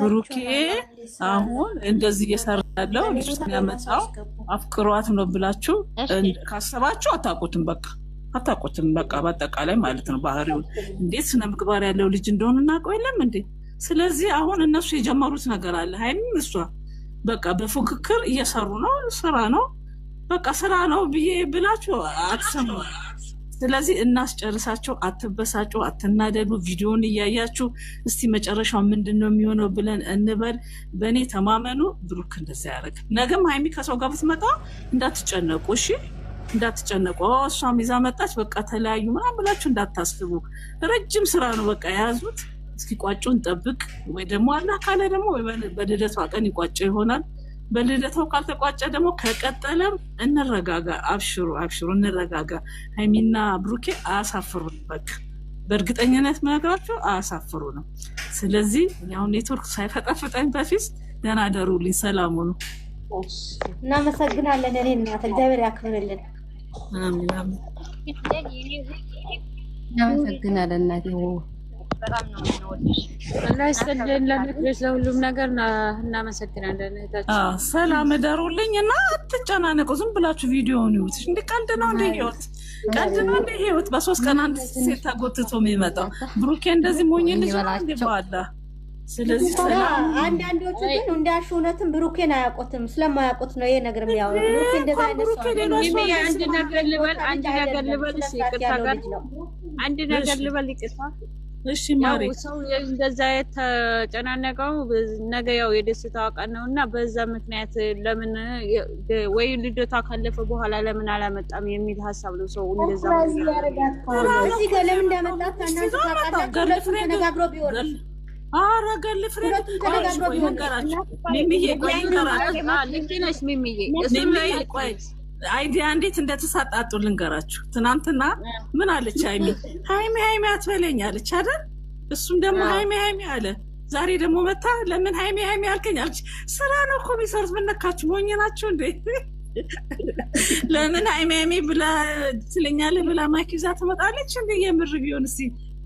ብሩኬ አሁን እንደዚህ እየሰራ ያለው ያመጣው አፍቅሯት ነው ብላችሁ ካሰባችሁ አታውቁትም። በቃ አታውቁትም። በቃ በአጠቃላይ ማለት ነው ባህሪውን እንዴት ስነ ምግባር ያለው ልጅ እንደሆነ እናውቀው የለም እንዴ? ስለዚህ አሁን እነሱ የጀመሩት ነገር አለ። ሀይሚም እሷ በቃ በፉክክር እየሰሩ ነው። ስራ ነው በቃ ስራ ነው ብዬ ብላችሁ አትሰሙ ስለዚህ እናስጨርሳቸው። አትበሳጩ፣ አትናደዱ። ቪዲዮን እያያችሁ እስቲ መጨረሻው ምንድን ነው የሚሆነው ብለን እንበል። በእኔ ተማመኑ። ብሩክ እንደዛ ያደረግ ነገም ሀይሚ ከሰው ጋር ብትመጣ እንዳትጨነቁ፣ እሺ እንዳትጨነቁ። እሷም ይዛ መጣች፣ በቃ ተለያዩ ምናምን ብላችሁ እንዳታስቡ። ረጅም ስራ ነው በቃ የያዙት። እስኪ ቋጩን ጠብቅ፣ ወይ ደግሞ አላህ ካለ ደግሞ በልደቷ ቀን ይቋጨው ይሆናል። በልደታው ካልተቋጨ ደግሞ ከቀጠለም እንረጋጋ። አብሽሩ አብሽሩ እንረጋጋ። ሀይሚና ብሩኬ አያሳፍሩን። በቃ በእርግጠኝነት መነግራቸው አያሳፍሩ ነው። ስለዚህ ያው ኔትወርክ ሳይፈጠፍጠኝ በፊት ደህና ደሩልኝ። ሰላሙ ነው። እናመሰግናለን። እኔ እናት እግዚአብሔር ያክብርልን። እናመሰግናለን እናቴ በጣም ነው የምንወድሽ። አላህ ይስጥልን ለምትልሽ ለሁሉም ነገር እናመሰግናለን ሰላም እደሩልኝ እና አትጨናነቁ። ዝም ብላችሁ ቪዲዮውን ይዩት። እንደ ቀልድ ነው እንደ ህይወት ቀልድ ነው እንደ ህይወት። በሶስት ቀን አንድ ሴት ተጎትቶ የሚመጣው ብሩኬ እንደዚህ ሞኝ ልጅ ይባላ። ስለዚህ አንዳንዶቹ ግን እንዳልሽ እውነትም ብሩኬን አያውቁትም። ስለማያውቁት ነው ይሄ ነገር የሚያወሩ አንድ ነገር ልበል አንድ ነገር ልበል አንድ ነገር ልበል ይቅርታ እሺ ማሬ ሰው እንደዛ የተጨናነቀው ነገ ያው የደስታ ቀን ነው እና በዛ ምክንያት ለምን ወይ ልደቷ ካለፈ በኋላ ለምን አላመጣም የሚል ሀሳብ ነው። ሰው እንደዛ እዚህ ጋር ለምን ቢሆን ሚሚዬ ልክ ነሽ ሚሚዬ እሱ ላይ ቆይ አይዲያ እንዴት እንደተሳጣጡ ልንገራችሁ። ትናንትና ምን አለች ሀይሚ ሀይሚ ሀይሚ አትበለኝ አለች አይደል? እሱም ደግሞ ሀይሚ ሀይሚ አለ። ዛሬ ደግሞ መታ ለምን ሀይሚ ሀይሚ አልከኝ አለች። ስራ ነው እኮ የሚሰሩት። ምን ሞኝ ናችሁ እንዴ? ለምን ሀይሚ ሀይሚ ብላ ትለኛለህ ብላ ማኪዛ ትመጣለች እንዴ? የምር ቢሆን እስኪ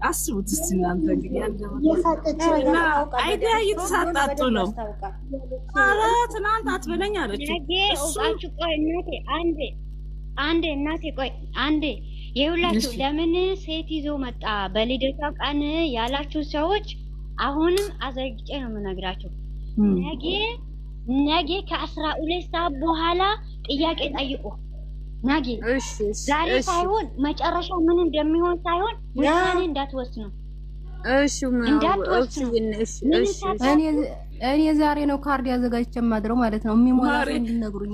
አስቡት እስቲ እናንተ እንግዲህ እና አይዲያ እየተሳጣጡ ነው። ኧረ ትናንት አትበለኝ አለችው። እሱ ቆይ እናቴ አንዴ አንዴ እናቴ ቆይ አንዴ የሁላችሁ ለምን ሴት ይዞ መጣ በልደቷ ቀን ያላችሁ ሰዎች አሁንም አዘግጬ ነው የምነግራችሁ። ነገ ነገ ከአስራ ሁለት ሰዓት በኋላ ጥያቄ ጠይቁ። ናጊ ዛሬ ሳይሆን መጨረሻው ምን እንደሚሆን ሳይሆን ውሳኔ እንዳትወስኑ እንዳትወስኑ። እኔ ዛሬ ነው ካርድ ያዘጋጅቼ የማድረው ማለት ነው። የሚሞላ እንዲነግሩኝ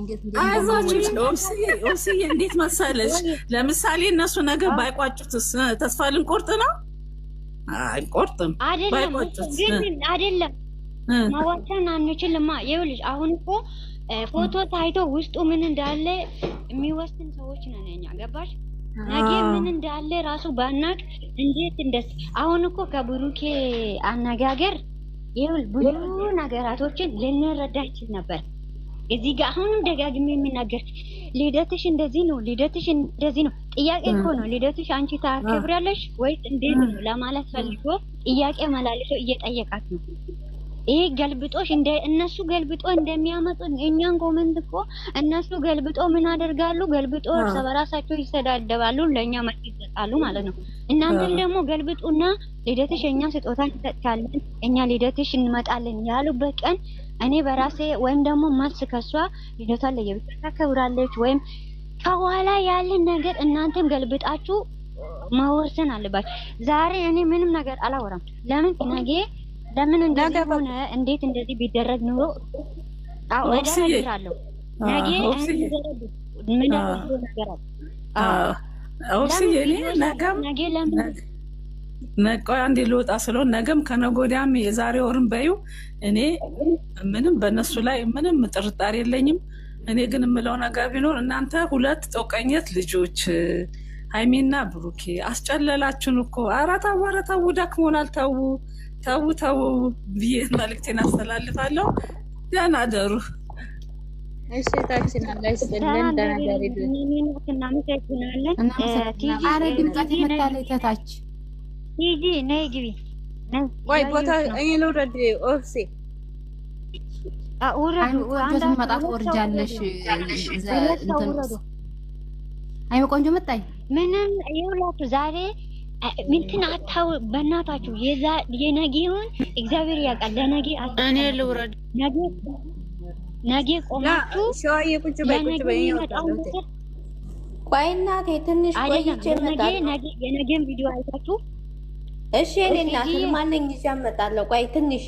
እንዴት መሰለሽ። ለምሳሌ እነሱ ነገር ባይቋጩትስ ተስፋ ልንቆርጥ ነው። አይቆርጥም፣ አይቆርጥም። አይደለም መወሰን አንችልማ። ይኸውልሽ አሁን እኮ ፎቶ ታይቶ ውስጡ ምን እንዳለ የሚወስን ሰዎች ነን እኛ። ገባሽ? ነገ ምን እንዳለ ራሱ ባናቅ እንዴት እንደስ አሁን እኮ ከብሩኬ አነጋገር ይሁን ብዙ ነገራቶችን ልንረዳ ይችል ነበር። እዚህ ጋር አሁንም ደጋግሜ የሚናገር ልደትሽ እንደዚህ ነው፣ ልደትሽ እንደዚህ ነው። ጥያቄ እኮ ነው ልደትሽ አንቺ ታከብራለሽ ወይስ እንዴት ነው ለማለት ፈልጎ ጥያቄ መላልሶ እየጠየቃት ነው። ይሄ ገልብጦሽ እንደ እነሱ ገልብጦ እንደሚያመጡ እኛን ኮመንት እኮ እነሱ ገልብጦ ምን አደርጋሉ? ገልብጦ እርስ በራሳቸው ይሰዳደባሉ፣ ለእኛ መልስ ይሰጣሉ ማለት ነው። እናንተን ደግሞ ገልብጡና ልደትሽ እኛ ስጦታ እንሰጥሻለን፣ እኛ ልደትሽ እንመጣለን ያሉበት ቀን እኔ በራሴ ወይም ደግሞ መልስ ከሷ ልደቷን ለየብቻ ታከብራለች ወይም ከኋላ ያለን ነገር እናንተም ገልብጣችሁ መወሰን አለባችሁ። ዛሬ እኔ ምንም ነገር አላወራም። ለምን ነገ ለምን እንደዚህ ሆነ? እንዴት እንደዚህ ቢደረግ ኑሮ አው እደረድራለሁ። ነገ ምን ነገር ነገ አንድ ልወጣ ስለሆን ነገም ከነጎዳም የዛሬ ወርም በዩ እኔ ምንም በእነሱ ላይ ምንም ጥርጣሬ የለኝም። እኔ ግን የምለው ነገር ቢኖር እናንተ ሁለት ጦቀኘት ልጆች ሀይሜና ብሩኬ አስጨለላችሁን እኮ። ኧረ ተው ኧረ ተው፣ ደክሞናል፣ ተው ተው ተው ብዬ መልእክቴን አስተላልፋለሁ። ደህና አደሩ። እሺ ታክሲን አላህ ይስጥልን። ደህና ደሪ። ተታች ሂጂ፣ ነይ ግቢ። ወይ ቦታ እኔ ልውረድ ኦፍሴ ቆንጆ መጣኝ ምንም ይኸውላችሁ ዛሬ ምንትን አታው በእናታችሁ የነጌውን እግዚአብሔር ያውቃል። ለነጌ እኔ ልውረድ። ነገ ቆማችሁ ቆይ እናቴ ትንሽ ቆይቼ እመጣለሁ። የነጌን ቪዲዮ አይታችሁ እሺ። እኔ እናት ማነኝ ይዤ እመጣለሁ። ቆይ ትንሽ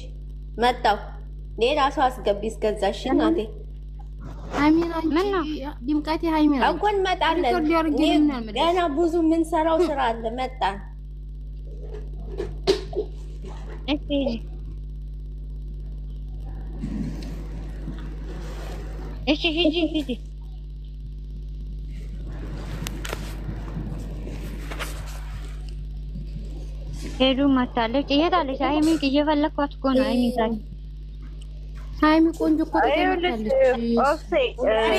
መጣሁ። ሌላ ሰው አስገቢ እስከዛ። እሺ እናቴ ድምቀት እኮ እንመጣለን። ገና ብዙ የምንሰራው ስራ አለ። መጣን ሄዱ መታለች። እየት አለች? አይ ምን እኮ ነው። ሀይሚ ቆንጆ እኮ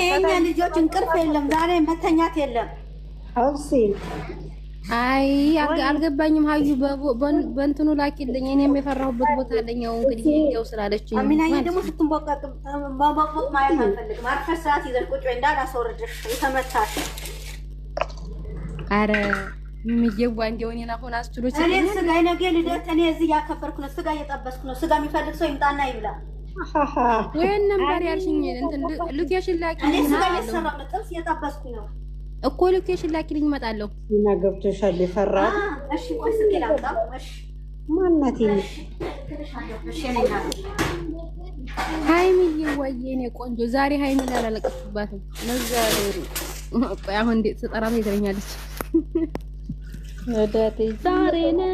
የእኛ ልጆች እንቅልፍ የለም ዛሬ መተኛት የለም። አይ አልገባኝም። ሀዩ በእንትኑ ላኪልኝ፣ እኔም የፈራሁበት ቦታ አለኝ። ያው እንግዲህ ይኸው ስላለችኝ አረ የሚየዋ እንዲሆን የናሆን አስችሎች እኔ ስጋ ነገ ልደት እኔ እዚህ እያከበርኩ ነው። ስጋ እየጠበስኩ ነው። ስጋ የሚፈልግ ሰው ይምጣና ይብላ። ወይን ነበር ያልሽኝ ሎኬሽን ላኪልኝ እኮ ሎኬሽን ላኪልኝ እመጣለሁ እና ገብቶሻል የፈራሁት ማናት ሀይሚ ወይዬ የኔ ቆንጆ ዛሬ ሀይሚ አላለቀስኩባትም ለዛ ቆይ አሁን እንዴት ስጠራት ትለኛለች ዛሬ ነው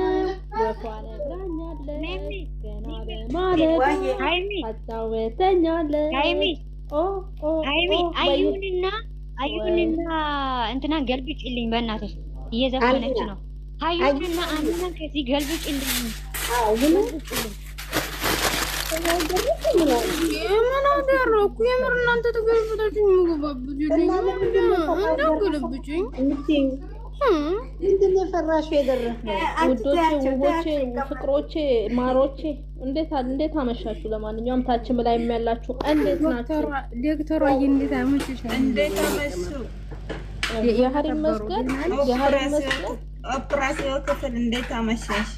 አዩንና አዩንና እንትና ገልብጭልኝ በእናትሽ እየዘፈነች ነው። አዩንና አንና ከዚህ ገልብጭልኝ የምር እናንተ ተገልብጣችሁ የሚገባብኝ እንደው ገልብጭኝ ምንድን ነው የፈራሹ? የደረስነው ውዶቼ፣ ፍቅሮቼ፣ ማሮቼ እንዴት እንዴት አመሻችሁ? ለማንኛውም ታችም ላይ የሚያላችሁ እንዴት ናችሁ? ዶክተሯ እንዴት እንዴት አመሹ? የሀሪ የሀሪ ክፍል እንዴት አመሻሽ?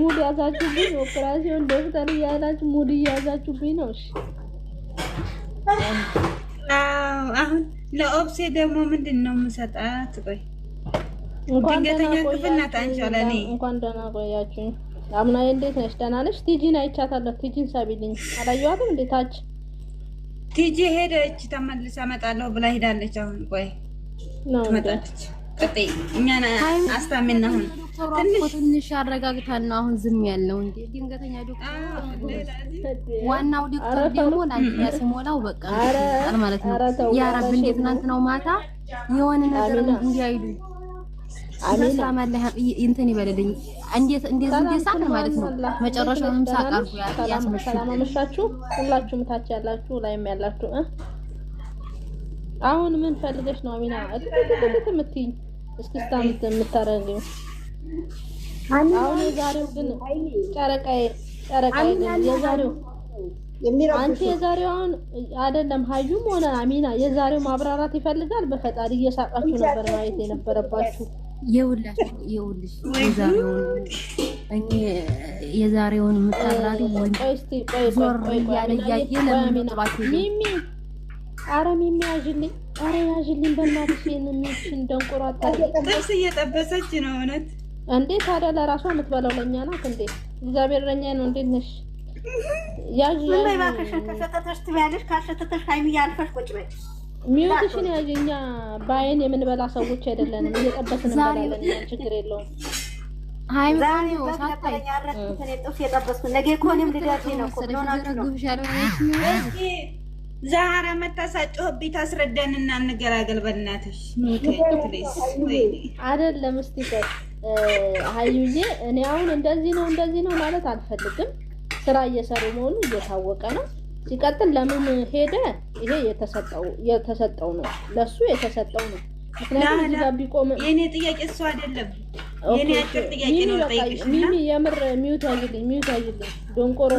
ሙድ ያዛችሁብኝ። ኦፕራሲዮን ዶክተር እያላችሁ ሙድ እያዛችሁብኝ ነው። እሺ አሁን ለኦብሴ ደግሞ ምንድን ነው የምሰጣት? ቆይ ድንገተኛ ክፍል ናት። አንቺ ለእኔ እንኳን ደህና ቆያችሁኝ። አምና እንዴት ነሽ? ደህና ነሽ? ቲጂን አይቻታለሁ። ቲጂን ሳቢልኝ አላየኋትም። እንዴታች ቲጂ ሄደች፣ ተመልሳ እመጣለሁ ብላ ሄዳለች። አሁን ቆይ ትመጣለች። እኛን አስታሚና አሁን ትንሽ አረጋግታል ነው አሁን ዝም ያለው እንጂ ድንገተኛ ዶክተር ዋናው ዶክተር ደግሞ ላንኛ ሲሞላው በቃ ማለት ነው። ያ ረብ እንዴ ትናንትናው ማታ የሆነ ነገር እንዲያይሉ እንትን ይበልልኝ እንዴት እንዴት ሳቅን ማለት ነው። መጨረሻውንም ሳቅ አድርጎ ያስመሻችሁ ሁላችሁም ታች ያላችሁ ላይም ያላችሁ አሁን ምን ፈልገሽ ነው አሚና እጥጥጥጥ የምትይኝ? እስክስታ የምታረገው አሁን የዛሬው ግን ጨረቃዬ ጨረቃዬ የዛሬው አንቺ የዛሬውን አይደለም ሀዩም ሆነ አሚና የዛሬው ማብራራት ይፈልጋል። በፈጣሪ እየሳቃችሁ ነበር ማየት የነበረባችሁ። የውላችሁ የውልሽ የዛሬውን የዛሬውን የምታራሪ ዞር እያለ እያየ ሚሚ አረም የሚያዥልኝ አረ ያዥልኝ በእናትሽ የሚችን ደንቆሮ ጥብስ እየጠበሰች ነው። እውነት እንዴ ታዲያ ለራሷ የምትበላው ለእኛ ናት እንዴ? እግዚአብሔር ለእኛ ነው። እንዴት ነሽ? ያዥ እባክሽን። ከሸተተሽ ትበያለሽ፣ ካልሸተተሽ ሀይሚ ያልፈሽ ቁጭ በይ። ሚወድሽን ያዥ። እኛ በአይን የምንበላ ሰዎች አይደለንም። እየጠበስን እንበላለን። ችግር የለውም። ዛሬ ዛሬ መታሳጭሁብኝ ታስረዳን እና እንገላገል። በእናትሽ አይደለም። እስቲ አዩዬ፣ እኔ አሁን እንደዚህ ነው እንደዚህ ነው ማለት አልፈልግም። ስራ እየሰሩ መሆኑ እየታወቀ ነው። ሲቀጥል ለምን ሄደ? ይሄ የተሰጠው ነው፣ ለሱ የተሰጠው ነው። ምክንያቱም ቢቆም የእኔ ጥያቄ እሱ አይደለም ሚሚ የምር ሚዩት አድርጊልኝ፣ ሚዩት አድርጊልኝ። ዶንቆሮ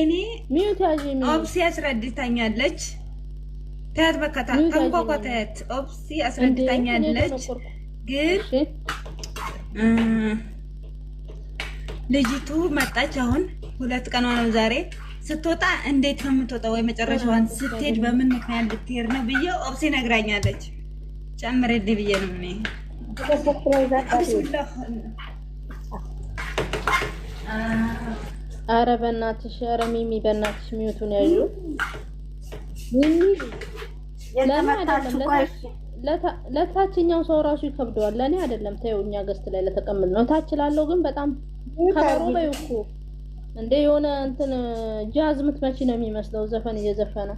እኔ ሚዩት አድርጊልኝ። ኦፕሲ አስረድታኛለች። ተያት በቃ ተንኳኳ፣ ተያት ኦፕሲ አስረድታኛለች። ግን ልጅቱ መጣች። አሁን ሁለት ቀኗ ነው ዛሬ ስትወጣ እንዴት ነው የምትወጣው? ወይ መጨረሻዋን ስትሄድ በምን ምክንያት ልትሄድ ነው ብዬ ኦብሴ ነግራኛለች። ጨምሬልኝ ብዬ ነው እኔ አረ በእናትሽ፣ አረ ሚሚ በእናትሽ ሚውቱን ያዩ ለታችኛው ሰው ራሱ ይከብደዋል። ለእኔ አይደለም ተይው፣ እኛ ገዝት ላይ ለተቀምጥ ነው። ታች ላለው ግን በጣም ከበሮ በይው እኮ እንደ የሆነ እንትን ጃዝ ምትመቺ ነው የሚመስለው ዘፈን እየዘፈነ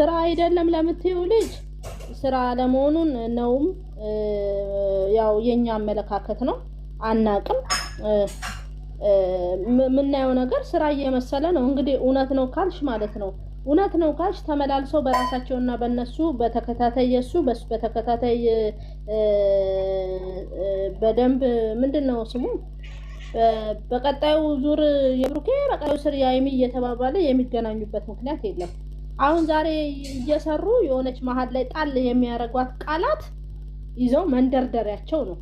ስራ አይደለም ለምትይው ልጅ ስራ አለመሆኑን ነውም ያው የኛ አመለካከት ነው፣ አናቅም። የምናየው ነገር ስራ እየመሰለ ነው። እንግዲህ እውነት ነው ካልሽ ማለት ነው እውነት ነው ካልሽ ተመላልሰው በራሳቸውና በነሱ በተከታታይ የሱ በሱ በተከታታይ በደንብ ምንድን ነው ስሙ በቀጣዩ ዙር የብሩኬ በቀጣዩ ስር የሀይሚ እየተባባለ የሚገናኙበት ምክንያት የለም። አሁን ዛሬ እየሰሩ የሆነች መሀል ላይ ጣል የሚያደርጓት ቃላት ይዘው መንደርደሪያቸው ነው።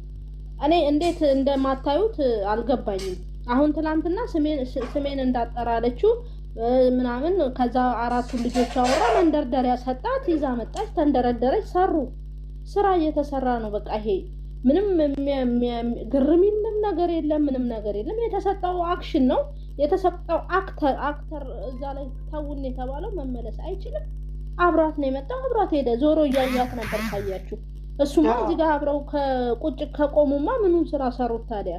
እኔ እንዴት እንደማታዩት አልገባኝም። አሁን ትናንትና ስሜን እንዳጠራለችው ምናምን ከዛ አራቱን ልጆች አወራ፣ መንደርደሪያ ሰጣት፣ ይዛ መጣች፣ ተንደረደረች፣ ሰሩ። ስራ እየተሰራ ነው። በቃ ይሄ ምንም ግርም ነገር የለም፣ ምንም ነገር የለም። የተሰጠው አክሽን ነው። የተሰጠው አክተር አክተር እዛ ላይ ተውን የተባለው መመለስ አይችልም። አብራት ነው የመጣው፣ አብራት ሄደ። ዞሮ እያያት ነበር ካያችሁ። እሱማ እዚህ ጋር አብረው ከቁጭ ከቆሙማ ምኑን ስራ ሰሩት ታዲያ?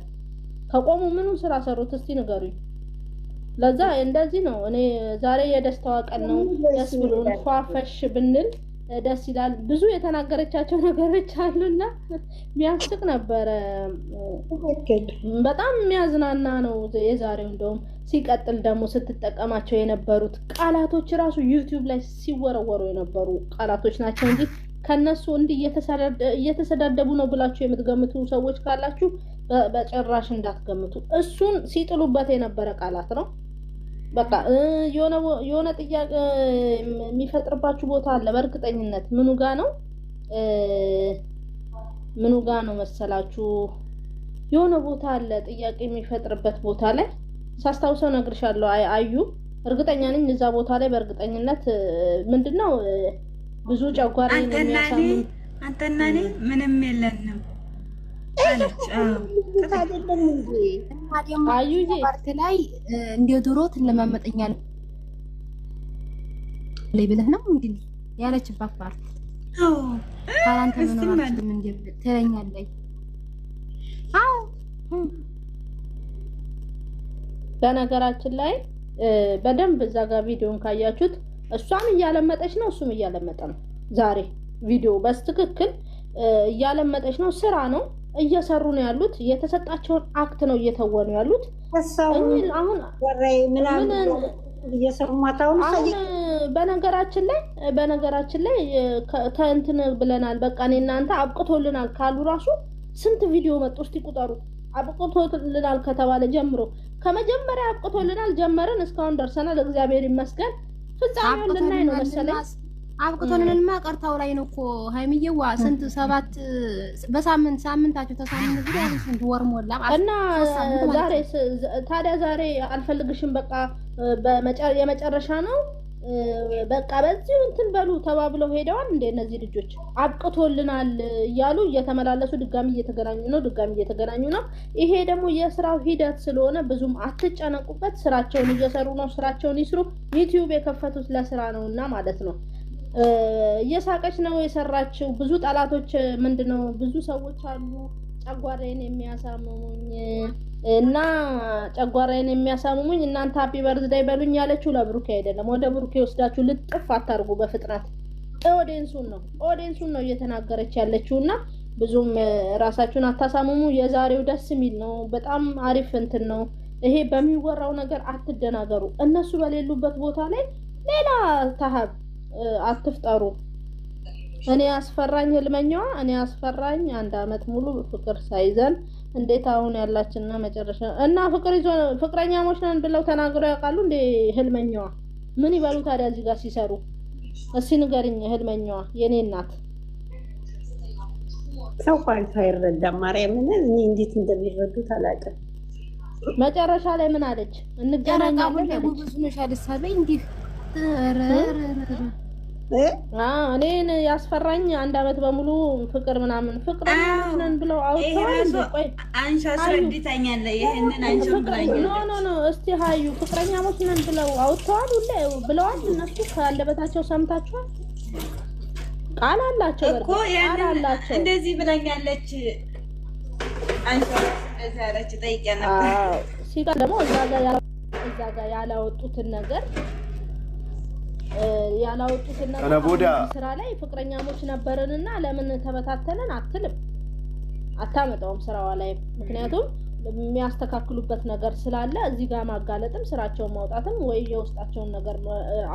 ከቆሙ ምኑን ስራ ሰሩት እስቲ ንገሩኝ። ለዛ እንደዚህ ነው። እኔ ዛሬ የደስታዋ ቀን ነው ደስ ብሎን ፏፈሽ ብንል ደስ ይላል። ብዙ የተናገረቻቸው ነገሮች አሉና የሚያስቅ ነበረ። በጣም የሚያዝናና ነው የዛሬው። እንደውም ሲቀጥል ደግሞ ስትጠቀማቸው የነበሩት ቃላቶች ራሱ ዩቲዩብ ላይ ሲወረወሩ የነበሩ ቃላቶች ናቸው እንጂ ከነሱ እንዲህ እየተሰዳደቡ ነው ብላችሁ የምትገምቱ ሰዎች ካላችሁ በጭራሽ እንዳትገምቱ። እሱን ሲጥሉበት የነበረ ቃላት ነው። በቃ የሆነ ጥያቄ የሚፈጥርባችሁ ቦታ አለ። በእርግጠኝነት ምኑ ጋ ነው ምኑ ጋ ነው መሰላችሁ? የሆነ ቦታ አለ ጥያቄ የሚፈጥርበት ቦታ ላይ ሳስታውሰው ነግርሻለሁ። አዩ እርግጠኛ ነኝ እዛ ቦታ ላይ በእርግጠኝነት ምንድን ነው ብዙ ጨጓራ የሚያሳምን አንተና እኔ ምንም የለንም አለች። ደግሞ ፓርት ላይ እንደ ድሮ ትለማመጠኛል ላይ ብለህ ነው እንግዲህ ያለችባት ፓርት ካላንተ መኖራችን ምን ትለኛለች? አዎ በነገራችን ላይ በደንብ እዛ ጋር ቪዲዮን ካያችሁት እሷም እያለመጠች ነው፣ እሱም እያለመጠ ነው። ዛሬ ቪዲዮ በስትክክል እያለመጠች ነው። ስራ ነው እየሰሩ ነው ያሉት። የተሰጣቸውን አክት ነው እየተወኑ ያሉት። አሁን በነገራችን ላይ በነገራችን ላይ ተንትን ብለናል። በቃ እኔ እናንተ አብቅቶልናል ካሉ ራሱ ስንት ቪዲዮ መጡ እስቲ ቁጠሩ። አብቅቶልናል ከተባለ ጀምሮ ከመጀመሪያ አብቅቶልናል ጀመረን እስካሁን ደርሰናል። እግዚአብሔር ይመስገን። ፍጻሜውን ልናይ ነው መሰለኝ አብቅቶንንማ ቀርታው ላይ ነው እኮ ሀይሚዬዋ ስንት ሰባት በሳምንት ሳምንታቸው ተሳምንት ግ ስንት ወር ሞላ እና ዛሬ ታዲያ ዛሬ አልፈልግሽም በቃ የመጨረሻ ነው በቃ በዚሁ እንትን በሉ ተባብለው ሄደዋል። እንደ እነዚህ ልጆች አብቅቶልናል እያሉ እየተመላለሱ ድጋሚ እየተገናኙ ነው፣ ድጋሚ እየተገናኙ ነው። ይሄ ደግሞ የስራው ሂደት ስለሆነ ብዙም አትጨነቁበት። ስራቸውን እየሰሩ ነው፣ ስራቸውን ይስሩ። ዩቲዩብ የከፈቱት ለስራ ነው እና ማለት ነው እየሳቀች ነው የሰራችው። ብዙ ጠላቶች ምንድን ነው ብዙ ሰዎች አሉ ጨጓራዬን የሚያሳምሙኝ እና ጨጓራዬን የሚያሳምሙኝ እናንተ ሀፒ በርዝዳይ በሉኝ ያለችው ለብሩኬ አይደለም። ወደ ብሩኬ ወስዳችሁ ልጥፍ አታርጉ በፍጥነት ኦዲንሱን ነው ኦዲንሱን ነው እየተናገረች ያለችው እና ብዙም ራሳችሁን አታሳምሙ። የዛሬው ደስ የሚል ነው። በጣም አሪፍ እንትን ነው ይሄ። በሚወራው ነገር አትደናገሩ። እነሱ በሌሉበት ቦታ ላይ ሌላ ታሀብ አትፍጠሩ። እኔ አስፈራኝ ህልመኛዋ፣ እኔ አስፈራኝ አንድ አመት ሙሉ ፍቅር ሳይዘን እንዴት አሁን ያላችንና መጨረሻ እና ፍቅር ይዞ ፍቅረኛሞች ነን ብለው ተናግረው ያውቃሉ እንዴ? ህልመኛዋ ምን ይበሉ ታዲያ እዚህ ጋር ሲሰሩ? እስኪ ንገርኝ ህልመኛዋ፣ የኔ እናት ሰው ኳይቶ አይረዳም። ማርያምን እኔ እንዴት እንደሚረዱት አላውቅም። መጨረሻ ላይ ምን አለች? እንገናኛለን። ብዙ ነሻ ልሳለኝ እንዲህ እኔን ያስፈራኝ አንድ አመት በሙሉ ፍቅር ምናምን ፍቅር ምናምን ብለው አውጥተዋል። እስቲ ሀዩ ፍቅረኛሞች ነን ብለው አውጥተዋል ብለዋል። እነሱ ሰምታችኋል። ቃል አላቸው እኮ አላቸው። እንደዚህ ብለኛለች ሲቀር ደግሞ እዛ ጋ ያላወጡትን ነገር ያላወጡትና ስራ ላይ ፍቅረኛሞች ነበርንና ለምን ተበታተንን አትልም፣ አታመጣውም ስራዋ ላይ ምክንያቱም የሚያስተካክሉበት ነገር ስላለ እዚህ ጋር ማጋለጥም ስራቸውን ማውጣትም ወይ የውስጣቸውን ነገር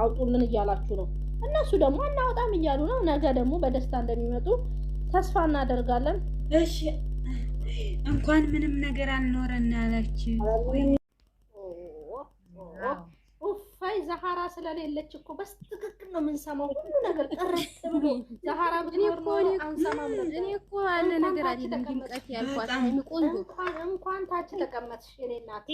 አውጡልን እያላችሁ ነው። እነሱ ደግሞ አናወጣም እያሉ ነው። ነገ ደግሞ በደስታ እንደሚመጡ ተስፋ እናደርጋለን። እሺ እንኳን ምንም ነገር አልኖረን ያላችሁ ስለሌለች እኮ በስትክክል ነው የምንሰማው። ሁሉ ነገር ጥርት ብሎ ዛሃራ ብትኖር እኮ አለ ነገር አለ ድምቀት ያልኳት ቆንጆ እንኳን ታች ተቀመጥሽ የኔ እናት